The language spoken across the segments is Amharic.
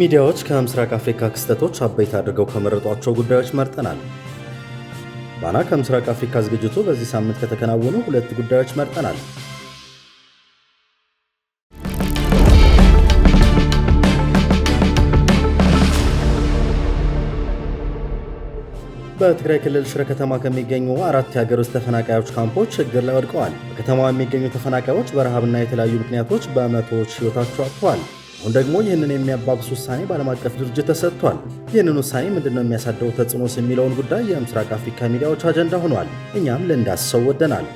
ሚዲያዎች ከምስራቅ አፍሪካ ክስተቶች አበይት አድርገው ከመረጧቸው ጉዳዮች መርጠናል። ባና ከምስራቅ አፍሪካ ዝግጅቱ በዚህ ሳምንት ከተከናወኑ ሁለት ጉዳዮች መርጠናል። በትግራይ ክልል ሽረ ከተማ ከሚገኙ አራት የሀገር ውስጥ ተፈናቃዮች ካምፖች ችግር ላይ ወድቀዋል። በከተማዋ የሚገኙ ተፈናቃዮች በረሃብና የተለያዩ ምክንያቶች በመቶዎች ሕይወታቸው አጥተዋል። አሁን ደግሞ ይህንን የሚያባብስ ውሳኔ በዓለም አቀፍ ድርጅት ተሰጥቷል። ይህንን ውሳኔ ምንድነው የሚያሳደው ተጽዕኖስ የሚለውን ጉዳይ የምስራቅ አፍሪካ ሚዲያዎች አጀንዳ ሆኗል። እኛም ልንዳስሰው ወደናል።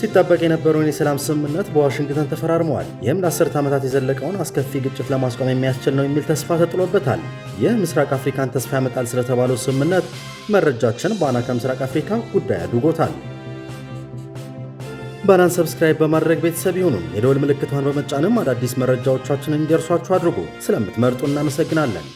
ሲጠበቅ የነበረውን የሰላም ስምምነት በዋሽንግተን ተፈራርመዋል። ይህም ለአስርተ ዓመታት የዘለቀውን አስከፊ ግጭት ለማስቆም የሚያስችል ነው የሚል ተስፋ ተጥሎበታል። ይህ ምስራቅ አፍሪካን ተስፋ ያመጣል ስለተባለው ስምምነት መረጃችን በአና ከምስራቅ አፍሪካ ጉዳይ አድርጎታል። ባናን ሰብስክራይብ በማድረግ ቤተሰብ ይሁኑ። የደወል ምልክቷን በመጫንም አዳዲስ መረጃዎቻችንን እንዲደርሷችሁ አድርጉ። ስለምትመርጡ እናመሰግናለን።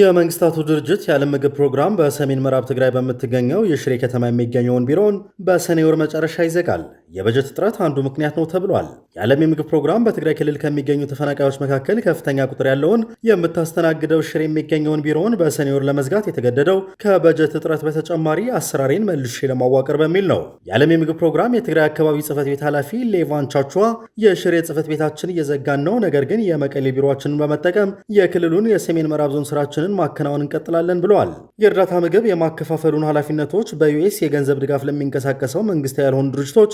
የመንግስታቱ ድርጅት የዓለም ምግብ ፕሮግራም በሰሜን ምዕራብ ትግራይ በምትገኘው የሽሬ ከተማ የሚገኘውን ቢሮውን በሰኔ ወር መጨረሻ ይዘጋል። የበጀት እጥረት አንዱ ምክንያት ነው ተብሏል። የዓለም የምግብ ፕሮግራም በትግራይ ክልል ከሚገኙ ተፈናቃዮች መካከል ከፍተኛ ቁጥር ያለውን የምታስተናግደው ሽሬ የሚገኘውን ቢሮውን በሰኔ ወር ለመዝጋት የተገደደው ከበጀት እጥረት በተጨማሪ አሰራሬን መልሼ ለማዋቀር በሚል ነው። የዓለም የምግብ ፕሮግራም የትግራይ አካባቢ ጽህፈት ቤት ኃላፊ ሌቫን ቻቹዋ የሽሬ ጽህፈት ቤታችን እየዘጋን ነው፣ ነገር ግን የመቀሌ ቢሮችንን በመጠቀም የክልሉን የሰሜን ምዕራብ ዞን ስራችንን ተግባራትን ማከናወን እንቀጥላለን ብለዋል። የእርዳታ ምግብ የማከፋፈሉን ኃላፊነቶች በዩኤስ የገንዘብ ድጋፍ ለሚንቀሳቀሰው መንግስታዊ ያልሆኑ ድርጅቶች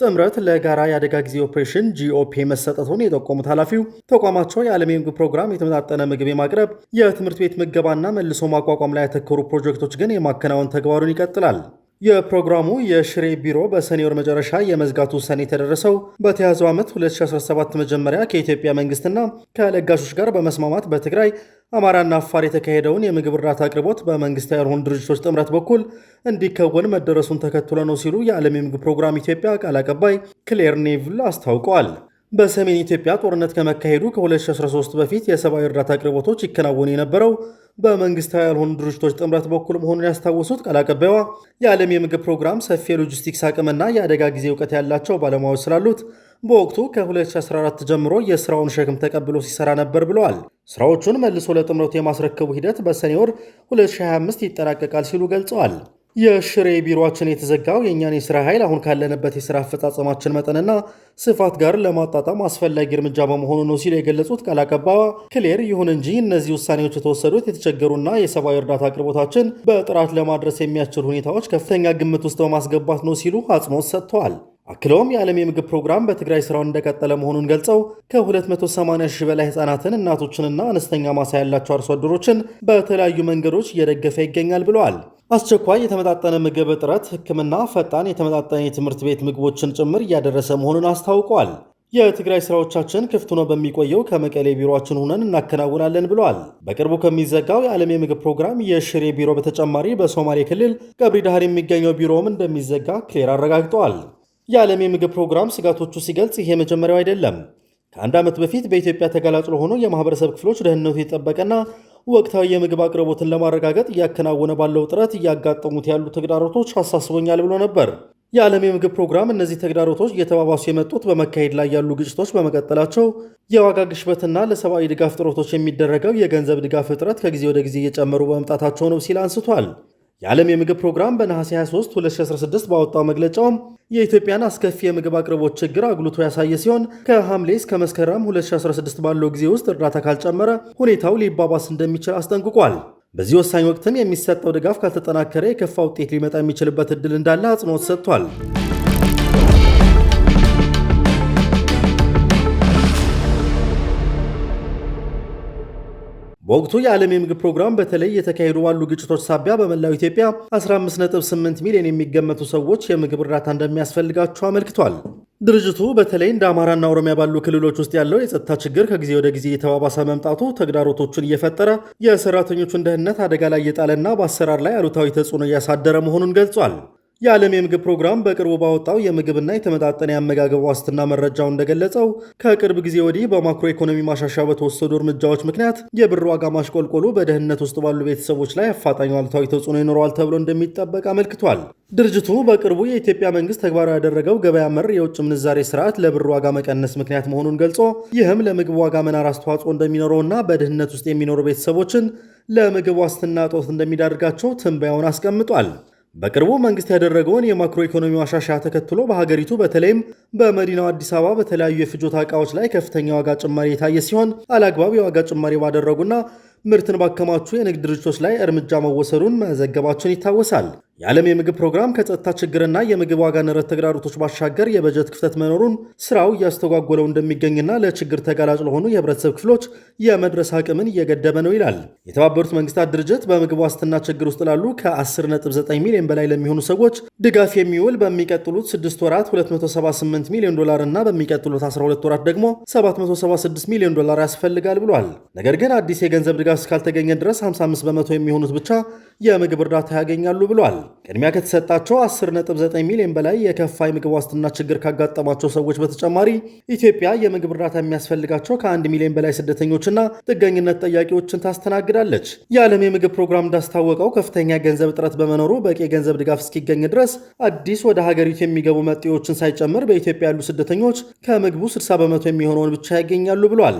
ጥምረት ለጋራ የአደጋ ጊዜ ኦፕሬሽን ጂኦፒ መሰጠቱን የጠቆሙት ኃላፊው ተቋማቸው የዓለም የምግብ ፕሮግራም የተመጣጠነ ምግብ የማቅረብ የትምህርት ቤት ምገባና መልሶ ማቋቋም ላይ ያተኮሩ ፕሮጀክቶች ግን የማከናወን ተግባሩን ይቀጥላል። የፕሮግራሙ የሽሬ ቢሮ በሰኔ ወር መጨረሻ የመዝጋት ውሳኔ የተደረሰው በተያዘው ዓመት 2017 መጀመሪያ ከኢትዮጵያ መንግስትና ከለጋሾች ጋር በመስማማት በትግራይ አማራና አፋር የተካሄደውን የምግብ እርዳታ አቅርቦት በመንግስት ያልሆኑ ድርጅቶች ጥምረት በኩል እንዲከወን መደረሱን ተከትሎ ነው ሲሉ የዓለም የምግብ ፕሮግራም ኢትዮጵያ ቃል አቀባይ ክሌር ኔቭል አስታውቀዋል። በሰሜን ኢትዮጵያ ጦርነት ከመካሄዱ ከ2013 በፊት የሰብአዊ እርዳታ አቅርቦቶች ይከናወኑ የነበረው በመንግስታዊ ያልሆኑ ድርጅቶች ጥምረት በኩል መሆኑን ያስታወሱት ቃል አቀባይዋ የዓለም የምግብ ፕሮግራም ሰፊ የሎጂስቲክስ አቅምና የአደጋ ጊዜ እውቀት ያላቸው ባለሙያዎች ስላሉት በወቅቱ ከ2014 ጀምሮ የስራውን ሸክም ተቀብሎ ሲሰራ ነበር ብለዋል። ስራዎቹን መልሶ ለጥምረቱ የማስረከቡ ሂደት በሰኔ ወር 2025 ይጠናቀቃል ሲሉ ገልጸዋል። የሽሬ ቢሮችን የተዘጋው የእኛን የስራ ኃይል አሁን ካለንበት የስራ አፈጻጸማችን መጠንና ስፋት ጋር ለማጣጣም አስፈላጊ እርምጃ በመሆኑ ነው ሲሉ የገለጹት ቃል አቀባዋ ክሌር፣ ይሁን እንጂ እነዚህ ውሳኔዎች የተወሰዱት የተቸገሩና የሰብአዊ እርዳታ አቅርቦታችን በጥራት ለማድረስ የሚያስችሉ ሁኔታዎች ከፍተኛ ግምት ውስጥ በማስገባት ነው ሲሉ አጽንኦት ሰጥተዋል። አክለውም የዓለም የምግብ ፕሮግራም በትግራይ ስራውን እንደቀጠለ መሆኑን ገልጸው ከ280 ሺህ በላይ ህጻናትን እናቶችንና አነስተኛ ማሳ ያላቸው አርሶ አደሮችን በተለያዩ መንገዶች እየደገፈ ይገኛል ብለዋል። አስቸኳይ የተመጣጠነ ምግብ እጥረት ሕክምና፣ ፈጣን የተመጣጠነ የትምህርት ቤት ምግቦችን ጭምር እያደረሰ መሆኑን አስታውቋል። የትግራይ ስራዎቻችን ክፍት ሆኖ በሚቆየው ከመቀሌ ቢሮችን ሆነን እናከናውናለን ብለዋል። በቅርቡ ከሚዘጋው የዓለም የምግብ ፕሮግራም የሽሬ ቢሮ በተጨማሪ በሶማሌ ክልል ገብሪ ዳህር የሚገኘው ቢሮውም እንደሚዘጋ ክሌር አረጋግጠዋል። የዓለም የምግብ ፕሮግራም ስጋቶቹ ሲገልጽ ይሄ መጀመሪያው አይደለም። ከአንድ ዓመት በፊት በኢትዮጵያ ተጋላጭ ለሆኑ የማህበረሰብ ክፍሎች ደህንነቱ የጠበቀና ወቅታዊ የምግብ አቅርቦትን ለማረጋገጥ እያከናወነ ባለው ጥረት እያጋጠሙት ያሉ ተግዳሮቶች አሳስቦኛል ብሎ ነበር። የዓለም የምግብ ፕሮግራም እነዚህ ተግዳሮቶች እየተባባሱ የመጡት በመካሄድ ላይ ያሉ ግጭቶች በመቀጠላቸው፣ የዋጋ ግሽበትና ለሰብአዊ ድጋፍ ጥረቶች የሚደረገው የገንዘብ ድጋፍ እጥረት ከጊዜ ወደ ጊዜ እየጨመሩ በመምጣታቸው ነው ሲል አንስቷል። የዓለም የምግብ ፕሮግራም በነሐሴ 23 2016 ባወጣው መግለጫው የኢትዮጵያን አስከፊ የምግብ አቅርቦት ችግር አጉልቶ ያሳየ ሲሆን ከሐምሌ እስከ መስከረም 2016 ባለው ጊዜ ውስጥ እርዳታ ካልጨመረ ሁኔታው ሊባባስ እንደሚችል አስጠንቅቋል። በዚህ ወሳኝ ወቅትም የሚሰጠው ድጋፍ ካልተጠናከረ የከፋ ውጤት ሊመጣ የሚችልበት ዕድል እንዳለ አጽንኦት ሰጥቷል። በወቅቱ የዓለም የምግብ ፕሮግራም በተለይ የተካሄዱ ባሉ ግጭቶች ሳቢያ በመላው ኢትዮጵያ 158 ሚሊዮን የሚገመቱ ሰዎች የምግብ እርዳታ እንደሚያስፈልጋቸው አመልክቷል። ድርጅቱ በተለይ እንደ አማራና ኦሮሚያ ባሉ ክልሎች ውስጥ ያለው የጸጥታ ችግር ከጊዜ ወደ ጊዜ የተባባሰ መምጣቱ ተግዳሮቶቹን እየፈጠረ የሰራተኞቹን ደህንነት አደጋ ላይ እየጣለና በአሰራር ላይ አሉታዊ ተጽዕኖ እያሳደረ መሆኑን ገልጿል። የዓለም የምግብ ፕሮግራም በቅርቡ ባወጣው የምግብና የተመጣጠነ የአመጋገብ ዋስትና መረጃው እንደገለጸው ከቅርብ ጊዜ ወዲህ በማክሮ ኢኮኖሚ ማሻሻያ በተወሰዱ እርምጃዎች ምክንያት የብር ዋጋ ማሽቆልቆሉ በደህንነት ውስጥ ባሉ ቤተሰቦች ላይ አፋጣኝ አሉታዊ ተጽዕኖ ይኖረዋል ተብሎ እንደሚጠበቅ አመልክቷል። ድርጅቱ በቅርቡ የኢትዮጵያ መንግስት ተግባራዊ ያደረገው ገበያ መር የውጭ ምንዛሬ ስርዓት ለብር ዋጋ መቀነስ ምክንያት መሆኑን ገልጾ ይህም ለምግብ ዋጋ መናር አስተዋጽኦ እንደሚኖረውና በድህነት ውስጥ የሚኖሩ ቤተሰቦችን ለምግብ ዋስትና እጦት እንደሚዳርጋቸው ትንበያውን አስቀምጧል። በቅርቡ መንግስት ያደረገውን የማክሮ ኢኮኖሚ ማሻሻያ ተከትሎ በሀገሪቱ በተለይም በመዲናው አዲስ አበባ በተለያዩ የፍጆታ እቃዎች ላይ ከፍተኛ ዋጋ ጭማሪ የታየ ሲሆን አላግባብ የዋጋ ጭማሪ ባደረጉና ምርትን ባከማቹ የንግድ ድርጅቶች ላይ እርምጃ መወሰዱን መዘገባችን ይታወሳል። የዓለም የምግብ ፕሮግራም ከጸጥታ ችግርና የምግብ ዋጋ ንረት ተግዳሮቶች ባሻገር የበጀት ክፍተት መኖሩን ስራው እያስተጓጎለው እንደሚገኝና ለችግር ተጋላጭ ለሆኑ የህብረተሰብ ክፍሎች የመድረስ አቅምን እየገደበ ነው ይላል። የተባበሩት መንግስታት ድርጅት በምግብ ዋስትና ችግር ውስጥ ላሉ ከ10.9 ሚሊዮን በላይ ለሚሆኑ ሰዎች ድጋፍ የሚውል በሚቀጥሉት 6 ወራት 278 ሚሊዮን ዶላር እና በሚቀጥሉት 12 ወራት ደግሞ 776 ሚሊዮን ዶላር ያስፈልጋል ብሏል። ነገር ግን አዲስ የገንዘብ ድጋፍ እስካልተገኘ ድረስ 55 በመቶ የሚሆኑት ብቻ የምግብ እርዳታ ያገኛሉ ብሏል። ቅድሚያ ከተሰጣቸው 10.9 ሚሊዮን በላይ የከፋ የምግብ ዋስትና ችግር ካጋጠማቸው ሰዎች በተጨማሪ ኢትዮጵያ የምግብ እርዳታ የሚያስፈልጋቸው ከአንድ ሚሊዮን በላይ ስደተኞችና ጥገኝነት ጠያቂዎችን ታስተናግዳለች። የዓለም የምግብ ፕሮግራም እንዳስታወቀው ከፍተኛ ገንዘብ እጥረት በመኖሩ በቂ የገንዘብ ድጋፍ እስኪገኝ ድረስ አዲስ ወደ ሀገሪቱ የሚገቡ መጤዎችን ሳይጨምር በኢትዮጵያ ያሉ ስደተኞች ከምግቡ 60 በመቶ የሚሆነውን ብቻ ያገኛሉ ብሏል።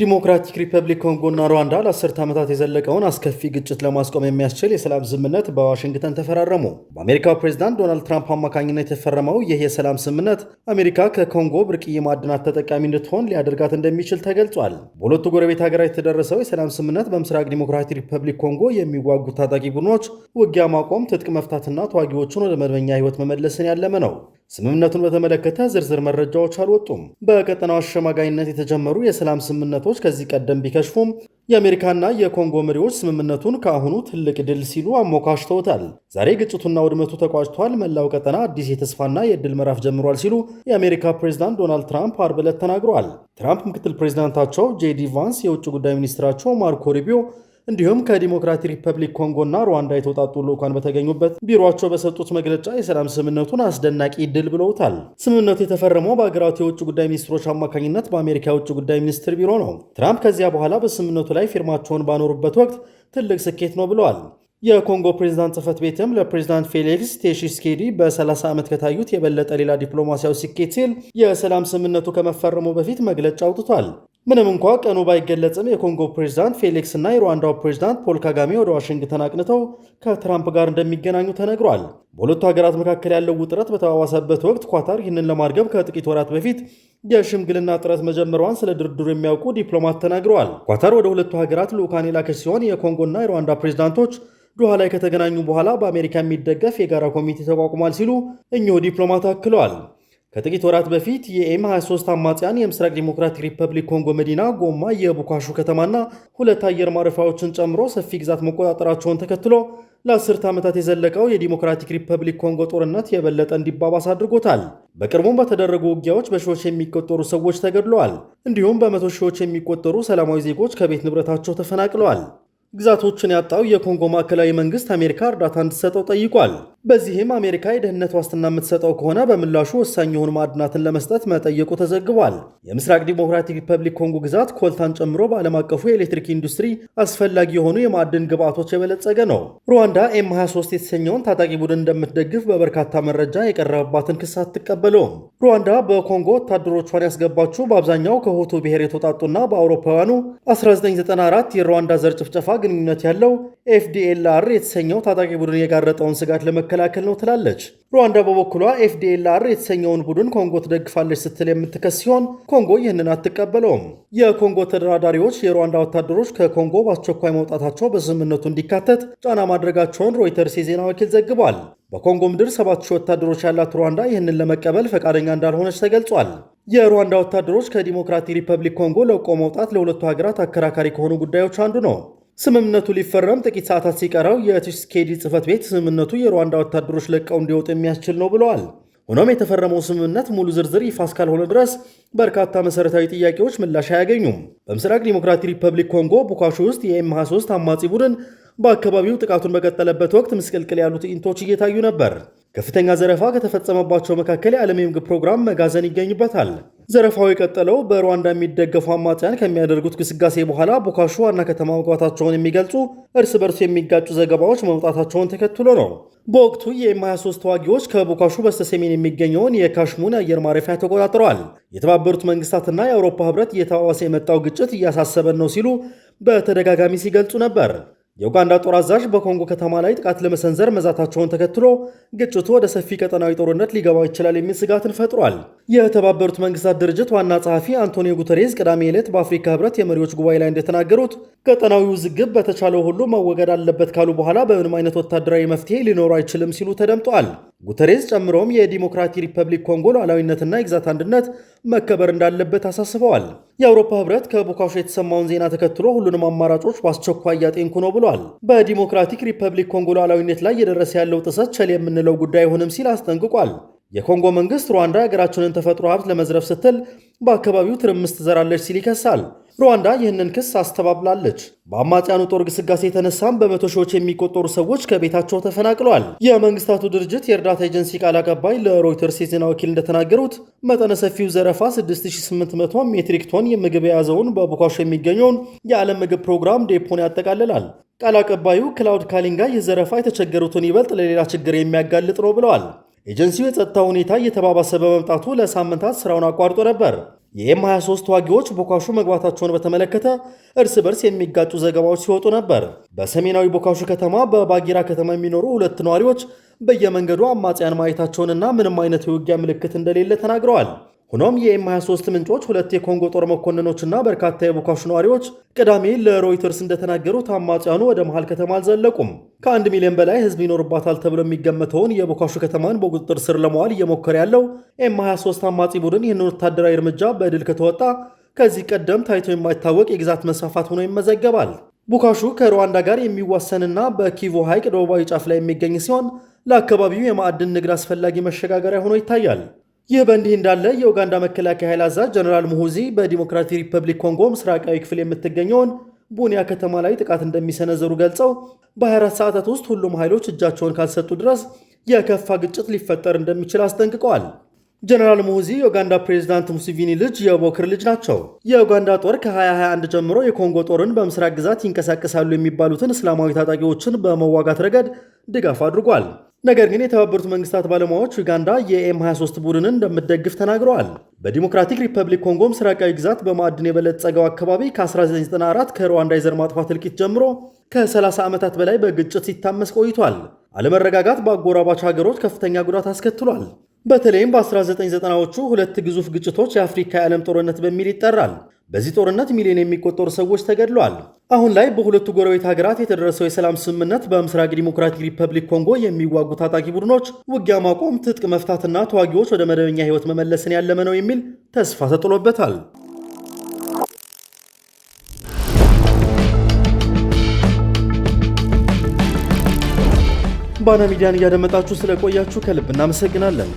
ዲሞክራቲክ ሪፐብሊክ ኮንጎና ሩዋንዳ ለአስርት ዓመታት የዘለቀውን አስከፊ ግጭት ለማስቆም የሚያስችል የሰላም ስምምነት በዋሽንግተን ተፈራረሙ። በአሜሪካው ፕሬዚዳንት ዶናልድ ትራምፕ አማካኝነት የተፈረመው ይህ የሰላም ስምምነት አሜሪካ ከኮንጎ ብርቅዬ ማዕድናት ተጠቃሚ እንድትሆን ሊያደርጋት እንደሚችል ተገልጿል። በሁለቱ ጎረቤት ሀገራት የተደረሰው የሰላም ስምምነት በምስራቅ ዲሞክራቲክ ሪፐብሊክ ኮንጎ የሚዋጉ ታጣቂ ቡድኖች ውጊያ ማቆም፣ ትጥቅ መፍታትና ተዋጊዎቹን ወደ መደበኛ ህይወት መመለስን ያለመ ነው። ስምምነቱን በተመለከተ ዝርዝር መረጃዎች አልወጡም። በቀጠናው አሸማጋይነት የተጀመሩ የሰላም ስምምነቶች ከዚህ ቀደም ቢከሽፉም የአሜሪካና የኮንጎ መሪዎች ስምምነቱን ከአሁኑ ትልቅ ድል ሲሉ አሞካሽተውታል። ዛሬ ግጭቱና ውድመቱ ተቋጭቷል፣ መላው ቀጠና አዲስ የተስፋና የድል ምዕራፍ ጀምሯል ሲሉ የአሜሪካ ፕሬዚዳንት ዶናልድ ትራምፕ አርብ ዕለት ተናግረዋል። ትራምፕ ምክትል ፕሬዚዳንታቸው ጄዲ ቫንስ፣ የውጭ ጉዳይ ሚኒስትራቸው ማርኮ ሪቢዮ እንዲሁም ከዲሞክራቲ ሪፐብሊክ ኮንጎና ሩዋንዳ የተውጣጡ ልዑካን በተገኙበት ቢሮቸው በሰጡት መግለጫ የሰላም ስምምነቱን አስደናቂ ድል ብለውታል። ስምምነቱ የተፈረመው በሀገራቱ የውጭ ጉዳይ ሚኒስትሮች አማካኝነት በአሜሪካ የውጭ ጉዳይ ሚኒስትር ቢሮ ነው። ትራምፕ ከዚያ በኋላ በስምምነቱ ላይ ፊርማቸውን ባኖሩበት ወቅት ትልቅ ስኬት ነው ብለዋል። የኮንጎ ፕሬዝዳንት ጽህፈት ቤትም ለፕሬዝዳንት ፌሊክስ ቴሺስኬዲ በ30 ዓመት ከታዩት የበለጠ ሌላ ዲፕሎማሲያዊ ስኬት ሲል የሰላም ስምምነቱ ከመፈረሙ በፊት መግለጫ አውጥቷል። ምንም እንኳ ቀኑ ባይገለጽም የኮንጎ ፕሬዚዳንት ፌሊክስ እና የሩዋንዳው ፕሬዚዳንት ፖል ካጋሜ ወደ ዋሽንግተን አቅንተው ከትራምፕ ጋር እንደሚገናኙ ተነግሯል። በሁለቱ ሀገራት መካከል ያለው ውጥረት በተባባሰበት ወቅት ኳታር ይህንን ለማርገብ ከጥቂት ወራት በፊት የሽምግልና ጥረት መጀመሯን ስለ ድርድሩ የሚያውቁ ዲፕሎማት ተናግረዋል። ኳታር ወደ ሁለቱ ሀገራት ልዑካን የላከች ሲሆን የኮንጎና የሩዋንዳ ፕሬዚዳንቶች ዱሃ ላይ ከተገናኙ በኋላ በአሜሪካ የሚደገፍ የጋራ ኮሚቴ ተቋቁሟል ሲሉ እኚሁ ዲፕሎማት አክለዋል። ከጥቂት ወራት በፊት የኤም 23 አማጽያን የምስራቅ ዲሞክራቲክ ሪፐብሊክ ኮንጎ መዲና ጎማ የቡካሹ ከተማና ሁለት አየር ማረፊያዎችን ጨምሮ ሰፊ ግዛት መቆጣጠራቸውን ተከትሎ ለአስርተ ዓመታት የዘለቀው የዲሞክራቲክ ሪፐብሊክ ኮንጎ ጦርነት የበለጠ እንዲባባስ አድርጎታል። በቅርቡም በተደረጉ ውጊያዎች በሺዎች የሚቆጠሩ ሰዎች ተገድለዋል። እንዲሁም በመቶ ሺዎች የሚቆጠሩ ሰላማዊ ዜጎች ከቤት ንብረታቸው ተፈናቅለዋል። ግዛቶችን ያጣው የኮንጎ ማዕከላዊ መንግስት አሜሪካ እርዳታ እንድትሰጠው ጠይቋል። በዚህም አሜሪካ የደህንነት ዋስትና የምትሰጠው ከሆነ በምላሹ ወሳኝ የሆኑ ማዕድናትን ለመስጠት መጠየቁ ተዘግቧል። የምስራቅ ዲሞክራቲክ ሪፐብሊክ ኮንጎ ግዛት ኮልታን ጨምሮ በዓለም አቀፉ የኤሌክትሪክ ኢንዱስትሪ አስፈላጊ የሆኑ የማዕድን ግብዓቶች የበለጸገ ነው። ሩዋንዳ ኤም 23 የተሰኘውን ታጣቂ ቡድን እንደምትደግፍ በበርካታ መረጃ የቀረበባትን ክስ አትቀበለውም። ሩዋንዳ በኮንጎ ወታደሮቿን ያስገባችው በአብዛኛው ከሆቱ ብሔር የተውጣጡና በአውሮፓውያኑ 1994 የሩዋንዳ ዘር ጭፍጨፋ ግንኙነት ያለው ኤፍዲኤልአር የተሰኘው ታጣቂ ቡድን የጋረጠውን ስጋት ለመከላከል ነው ትላለች። ሩዋንዳ በበኩሏ ኤፍዲኤልአር የተሰኘውን ቡድን ኮንጎ ትደግፋለች ስትል የምትከስ ሲሆን ኮንጎ ይህንን አትቀበለውም። የኮንጎ ተደራዳሪዎች የሩዋንዳ ወታደሮች ከኮንጎ በአስቸኳይ መውጣታቸው በስምምነቱ እንዲካተት ጫና ማድረጋቸውን ሮይተርስ የዜና ወኪል ዘግቧል። በኮንጎ ምድር 7000 ወታደሮች ያላት ሩዋንዳ ይህንን ለመቀበል ፈቃደኛ እንዳልሆነች ተገልጿል። የሩዋንዳ ወታደሮች ከዲሞክራቲክ ሪፐብሊክ ኮንጎ ለቆ መውጣት ለሁለቱ ሀገራት አከራካሪ ከሆኑ ጉዳዮች አንዱ ነው። ስምምነቱ ሊፈረም ጥቂት ሰዓታት ሲቀረው የቺሴኬዲ ጽህፈት ቤት ስምምነቱ የሩዋንዳ ወታደሮች ለቀው እንዲወጡ የሚያስችል ነው ብለዋል። ሆኖም የተፈረመው ስምምነት ሙሉ ዝርዝር ይፋ እስካልሆነ ድረስ በርካታ መሠረታዊ ጥያቄዎች ምላሽ አያገኙም። በምስራቅ ዲሞክራቲክ ሪፐብሊክ ኮንጎ ቡካሾ ውስጥ የኤም 23 አማጺ ቡድን በአካባቢው ጥቃቱን በቀጠለበት ወቅት ምስቅልቅል ያሉ ትዕይንቶች እየታዩ ነበር። ከፍተኛ ዘረፋ ከተፈጸመባቸው መካከል የዓለም የምግብ ፕሮግራም መጋዘን ይገኝበታል። ዘረፋው የቀጠለው በሩዋንዳ የሚደገፉ አማጽያን ከሚያደርጉት ግስጋሴ በኋላ ቦካሹ ዋና ከተማ መግባታቸውን የሚገልጹ እርስ በርሱ የሚጋጩ ዘገባዎች መውጣታቸውን ተከትሎ ነው። በወቅቱ የኤም 23 ተዋጊዎች ከቦካሹ በስተሰሜን የሚገኘውን የካሽሙን አየር ማረፊያ ተቆጣጥረዋል። የተባበሩት መንግስታትና የአውሮፓ ህብረት እየተባባሰ የመጣው ግጭት እያሳሰበን ነው ሲሉ በተደጋጋሚ ሲገልጹ ነበር። የኡጋንዳ ጦር አዛዥ በኮንጎ ከተማ ላይ ጥቃት ለመሰንዘር መዛታቸውን ተከትሎ ግጭቱ ወደ ሰፊ ቀጠናዊ ጦርነት ሊገባ ይችላል የሚል ስጋትን ፈጥሯል። የተባበሩት መንግስታት ድርጅት ዋና ጸሐፊ አንቶኒዮ ጉተሬዝ ቅዳሜ ዕለት በአፍሪካ ህብረት የመሪዎች ጉባኤ ላይ እንደተናገሩት ቀጠናዊ ውዝግብ በተቻለው ሁሉ መወገድ አለበት ካሉ በኋላ በምንም አይነት ወታደራዊ መፍትሄ ሊኖሩ አይችልም ሲሉ ተደምጠዋል። ጉተሬዝ ጨምሮም የዲሞክራቲ ሪፐብሊክ ኮንጎ ሉዓላዊነትና የግዛት አንድነት መከበር እንዳለበት አሳስበዋል። የአውሮፓ ህብረት ከቡካሾ የተሰማውን ዜና ተከትሎ ሁሉንም አማራጮች በአስቸኳይ እያጤንኩ ነው ብሏል። በዲሞክራቲክ ሪፐብሊክ ኮንጎ ሉዓላዊነት ላይ እየደረሰ ያለው ጥሰት ቸል የምንለው ጉዳይ አይሆንም ሲል አስጠንቅቋል። የኮንጎ መንግስት ሩዋንዳ የሀገራችንን ተፈጥሮ ሀብት ለመዝረፍ ስትል በአካባቢው ትርምስ ትዘራለች ሲል ይከሳል። ሩዋንዳ ይህንን ክስ አስተባብላለች። በአማጽያኑ ጦር ግስጋሴ የተነሳም በመቶ ሺዎች የሚቆጠሩ ሰዎች ከቤታቸው ተፈናቅለዋል። የመንግስታቱ ድርጅት የእርዳታ ኤጀንሲ ቃል አቀባይ ለሮይተርስ የዜና ወኪል እንደተናገሩት መጠነ ሰፊው ዘረፋ 6800 ሜትሪክ ቶን የምግብ የያዘውን በቡካሾ የሚገኘውን የዓለም ምግብ ፕሮግራም ዴፖን ያጠቃልላል። ቃል አቀባዩ ክላውድ ካሊንጋ የዘረፋ ዘረፋ የተቸገሩትን ይበልጥ ለሌላ ችግር የሚያጋልጥ ነው ብለዋል። ኤጀንሲው የጸጥታ ሁኔታ እየተባባሰ በመምጣቱ ለሳምንታት ስራውን አቋርጦ ነበር። የኤም 23 ተዋጊዎች ቦካሹ መግባታቸውን በተመለከተ እርስ በርስ የሚጋጩ ዘገባዎች ሲወጡ ነበር። በሰሜናዊ ቦካሹ ከተማ በባጊራ ከተማ የሚኖሩ ሁለት ነዋሪዎች በየመንገዱ አማጽያን ማየታቸውንና ምንም አይነት የውጊያ ምልክት እንደሌለ ተናግረዋል። ሆኖም የኤም 23 ምንጮች ሁለት የኮንጎ ጦር መኮንኖችና በርካታ የቡካሽ ነዋሪዎች ቅዳሜ ለሮይተርስ እንደተናገሩት አማጽያኑ ወደ መሃል ከተማ አልዘለቁም። ከአንድ ሚሊዮን በላይ ሕዝብ ይኖርባታል ተብሎ የሚገመተውን የቡካሹ ከተማን በቁጥጥር ስር ለመዋል እየሞከረ ያለው ኤም 23 አማጺ ቡድን ይህንን ወታደራዊ እርምጃ በድል ከተወጣ ከዚህ ቀደም ታይቶ የማይታወቅ የግዛት መስፋፋት ሆኖ ይመዘገባል። ቡካሹ ከሩዋንዳ ጋር የሚዋሰንና በኪቮ ሐይቅ ደቡባዊ ጫፍ ላይ የሚገኝ ሲሆን ለአካባቢው የማዕድን ንግድ አስፈላጊ መሸጋገሪያ ሆኖ ይታያል። ይህ በእንዲህ እንዳለ የኡጋንዳ መከላከያ ኃይል አዛዥ ጀነራል ሙሁዚ በዲሞክራቲክ ሪፐብሊክ ኮንጎ ምስራቃዊ ክፍል የምትገኘውን ቡኒያ ከተማ ላይ ጥቃት እንደሚሰነዘሩ ገልጸው በ24 ሰዓታት ውስጥ ሁሉም ኃይሎች እጃቸውን ካልሰጡ ድረስ የከፋ ግጭት ሊፈጠር እንደሚችል አስጠንቅቀዋል። ጀነራል ሙሁዚ የኡጋንዳ ፕሬዚዳንት ሙሲቪኒ ልጅ የቦክር ልጅ ናቸው። የኡጋንዳ ጦር ከ2021 ጀምሮ የኮንጎ ጦርን በምስራቅ ግዛት ይንቀሳቀሳሉ የሚባሉትን እስላማዊ ታጣቂዎችን በመዋጋት ረገድ ድጋፍ አድርጓል። ነገር ግን የተባበሩት መንግስታት ባለሙያዎች ዩጋንዳ የኤም 23 ቡድንን እንደምትደግፍ ተናግረዋል። በዲሞክራቲክ ሪፐብሊክ ኮንጎም ምስራቃዊ ግዛት በማዕድን የበለጸገው አካባቢ ከ1994 ከሩዋንዳ የዘር ማጥፋት እልቂት ጀምሮ ከ30 ዓመታት በላይ በግጭት ሲታመስ ቆይቷል። አለመረጋጋት በአጎራባች ሀገሮች ከፍተኛ ጉዳት አስከትሏል። በተለይም በ1990ዎቹ ሁለት ግዙፍ ግጭቶች የአፍሪካ የዓለም ጦርነት በሚል ይጠራል። በዚህ ጦርነት ሚሊዮን የሚቆጠሩ ሰዎች ተገድለዋል። አሁን ላይ በሁለቱ ጎረቤት ሀገራት የተደረሰው የሰላም ስምምነት በምስራቅ ዲሞክራቲክ ሪፐብሊክ ኮንጎ የሚዋጉ ታጣቂ ቡድኖች ውጊያ ማቆም፣ ትጥቅ መፍታትና ተዋጊዎች ወደ መደበኛ ህይወት መመለስን ያለመ ነው የሚል ተስፋ ተጥሎበታል። ባና ሚዲያን እያደመጣችሁ ስለቆያችሁ ከልብ እናመሰግናለን።